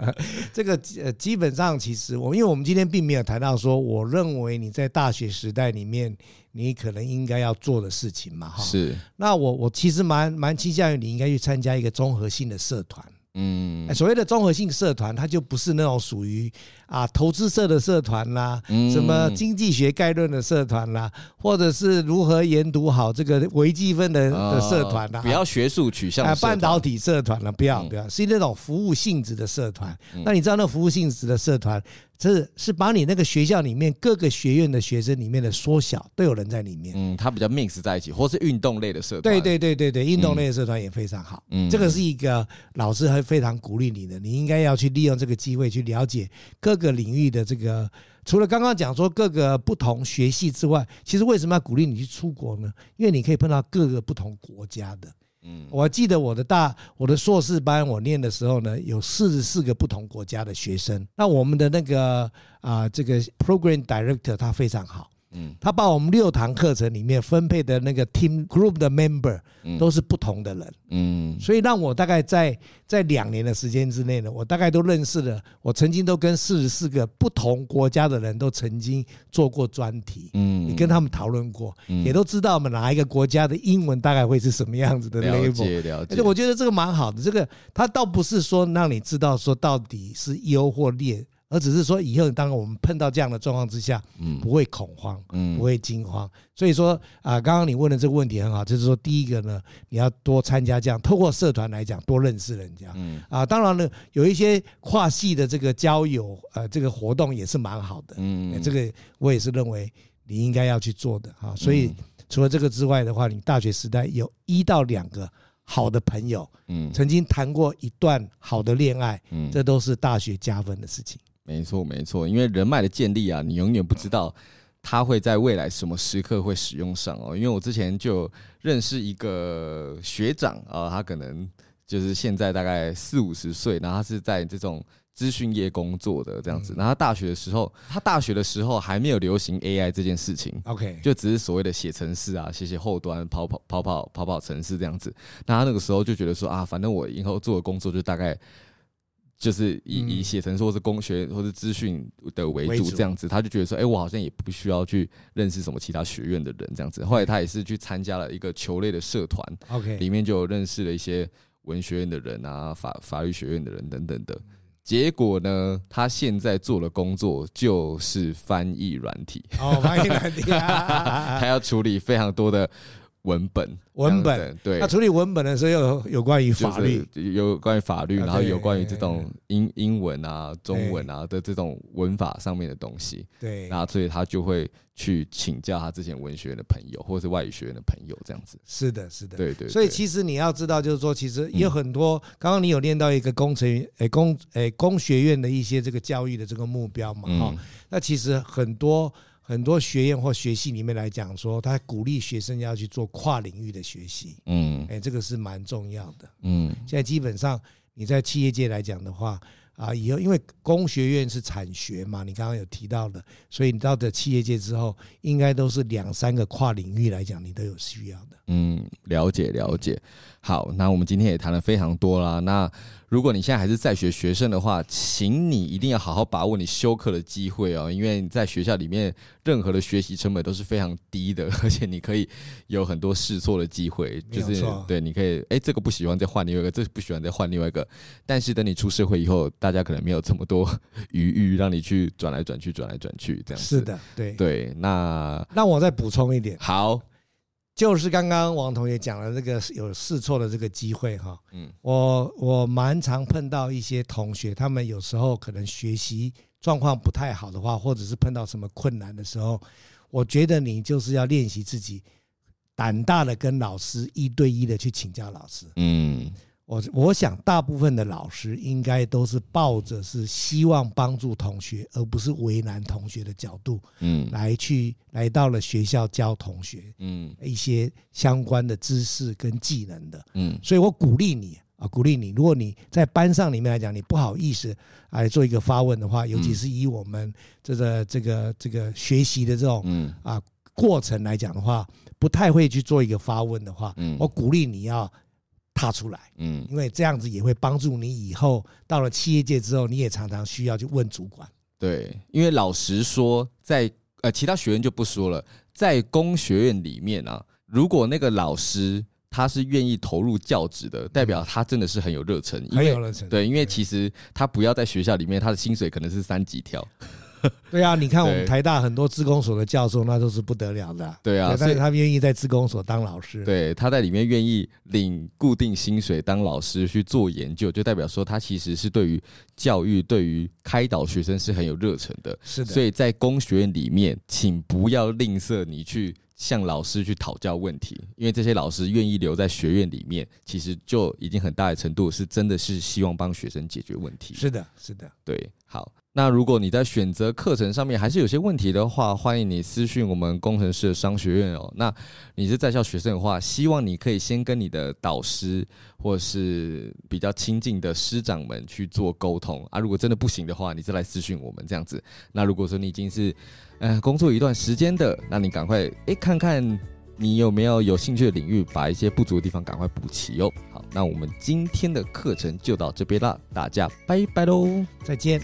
(laughs) 這個呃，基本上其實我，因為我們今天並沒有談到說，我認為你在大學時代裡面，你可能應該要做的事情嘛，哈。是。那我我其實蠻蠻傾向於你應該去參加一個綜合性的社團。嗯。所謂的綜合性社團，它就不是那種屬於。啊，投資社的社團啦、啊，什麼經濟學概論的社團啦、啊，嗯、或者是如何研讀好這個微積分的的社團啦、啊呃，不要學術取向。哎、啊，半導體社團啦、啊，不要、嗯、不要，是那種服務性質的社團。嗯、那你知道那服務性質的社團是是把你那個學校裡面各個學院的學生裡面的縮小都有人在裡面。嗯，他比較 mix 在一起，或是運動類的社團。對對對對對，運動類的社團也非常好。嗯，這個是一個老師還非常鼓勵你的，你應該要去利用這個機會去了解各個。個領域的這個，除了剛剛講說各個不同學系之外，其實為什麼要鼓勵你去出國呢？因為你可以碰到各個不同國家的。嗯，我還記得我的大我的碩士班我念的時候呢，有四十四個不同國家的學生。那我們的那個啊、呃，這個 program director 他非常好。嗯，他把我們六堂課程裡面分配的那個 team group 的 member，嗯，都是不同的人，嗯，所以讓我大概在在兩年的時間之內呢，我大概都認識了，我曾經都跟四十四個不同國家的人都曾經做過專題，嗯，你跟他們討論過，也都知道我們哪一個國家的英文大概會是什麼樣子的 level，了解了解，而且我覺得這個蠻好的，這個他倒不是說讓你知道說到底是優或劣。而只是說，以後當我們碰到這樣的狀況之下，不會恐慌，嗯嗯嗯、不會驚慌。所以說啊，剛剛你問的這個問題很好，就是說，第一個呢，你要多參加這樣，透過社團來講，多認識人家，嗯啊，當然了，有一些跨系的這個交友，呃，這個活動也是蠻好的，嗯，這個我也是認為你應該要去做的啊。所以除了這個之外的話，你大學時代有一到兩個好的朋友，嗯，曾經談過一段好的戀愛，嗯，這都是大學加分的事情。沒錯，沒錯，因為人脈的建立啊，你永遠不知道他會在未來什麼時刻會使用上哦。因為我之前就認識一個學長啊，他可能就是現在大概四五十歲，然後他是在這種資訊業工作的這樣子。然後他大學的時候，他大學的時候還沒有流行 AI 這件事情，OK，就只是所謂的寫程式啊，寫寫後端，跑跑跑跑跑跑程式這樣子。那他那個時候就覺得說啊，反正我以後做的工作就大概。就是以以寫程式或是工學或是資訊的為主，這樣子，他就覺得說，哎，我好像也不需要去認識什麼其他學院的人，這樣子。後來他也是去參加了一個球類的社團，OK，裡面就有認識了一些文學院的人啊，法法律學院的人等等的。結果呢，他現在做的工作就是翻譯軟體，哦，翻譯軟體啊， (laughs) 他要處理非常多的。文本文本，對，他處理文本的時候又有，有有關於法律，有關於法律，然後有關於這種英英文啊、對中文啊的這種文法上面的東西。對，那所以他就會去請教他之前文學院的朋友，或是外語學院的朋友這樣子。是的，是的，對，對對。所以其實你要知道，就是說，其實也有很多剛剛、嗯、你有念到一個工程誒、欸、工誒、欸、工學院的一些這個教育的這個目標嘛哈、嗯。那其實很多。很多學院或學系裡面來講，說他鼓勵學生要去做跨領域的學習，嗯，哎，這個是蠻重要的，嗯。現在基本上你在企業界來講的話，啊，以後因為工學院是產學嘛，你剛剛有提到的，所以你到的企業界之後，應該都是兩三個跨領域來講，你都有需要的。嗯，了解了解。好，那我們今天也談了非常多啦，那。如果你現在還是在學學生的話，請你一定要好好把握你修課的機會哦，因為在學校裡面，任何的學習成本都是非常低的，而且你可以有很多試錯的機會，就是對，你可以哎、欸、這個不喜歡再換，另外一個這個、不喜歡再換另外一個，但是等你出社會以後，大家可能沒有這麼多餘裕讓你去轉來轉去、轉來轉去這樣子。是的，對對，那那我再補充一點。好。就是剛剛王同學講的,的這個有試錯的這個機會哈，嗯，我我蠻常碰到一些同學，他們有時候可能學習狀況不太好的話，或者是碰到什麼困難的時候，我覺得你就是要練習自己膽大的跟老師一對一的去請教老師，嗯。我我想，大部分的老師應該都是抱着是希望幫助同學，而不是為難同學的角度，嗯，來去來到了學校教同學，嗯，一些相關的知識跟技能的，嗯，所以我鼓勵你啊，鼓勵你，如果你在班上裡面來講，你不好意思來做一個發問的話，尤其是以我們這個這個這個學習的這種嗯啊過程來講的話，不太會去做一個發問的話，嗯，我鼓勵你要踏出來，嗯，因為這樣子也會幫助你以後到了企業界之後，你也常常需要去問主管。對，因為老實說在，在呃其他學院就不說了，在工學院裡面啊，如果那個老師他是願意投入教職的，嗯、代表他真的是很有熱忱，很有熱忱。對，對，因為其實他不要在學校裡面，他的薪水可能是三級跳。對啊，你看我們台大很多資工所的教授，對那都是不得了的。對啊，所以他們願意在資工所當老師。對，他在裡面願意領固定薪水當老師去做研究，就代表說他其實是對於教育、對於開導學生是很有熱忱的。是的，所以在工學院裡面，請不要吝嗇你去向老師去討教問題，因為這些老師願意留在學院裡面，其實就已經很大的程度是真的是希望幫學生解決問題。是的，是的，對，好。那如果你在選擇課程上面還是有些問題的話，歡迎你私訊我們工程師的商學院喔。那你是在校學生的話，希望你可以先跟你的導師或者是比較親近的師長們去做溝通啊。如果真的不行的話，你再來私訊我們這樣子。那如果說你已經是、呃、工作一段時間的，那你趕快欸、看看你有沒有有興趣的領域，把一些不足的地方趕快補齊哦。好，那我們今天的課程就到這邊啦，大家拜拜嘍，再見。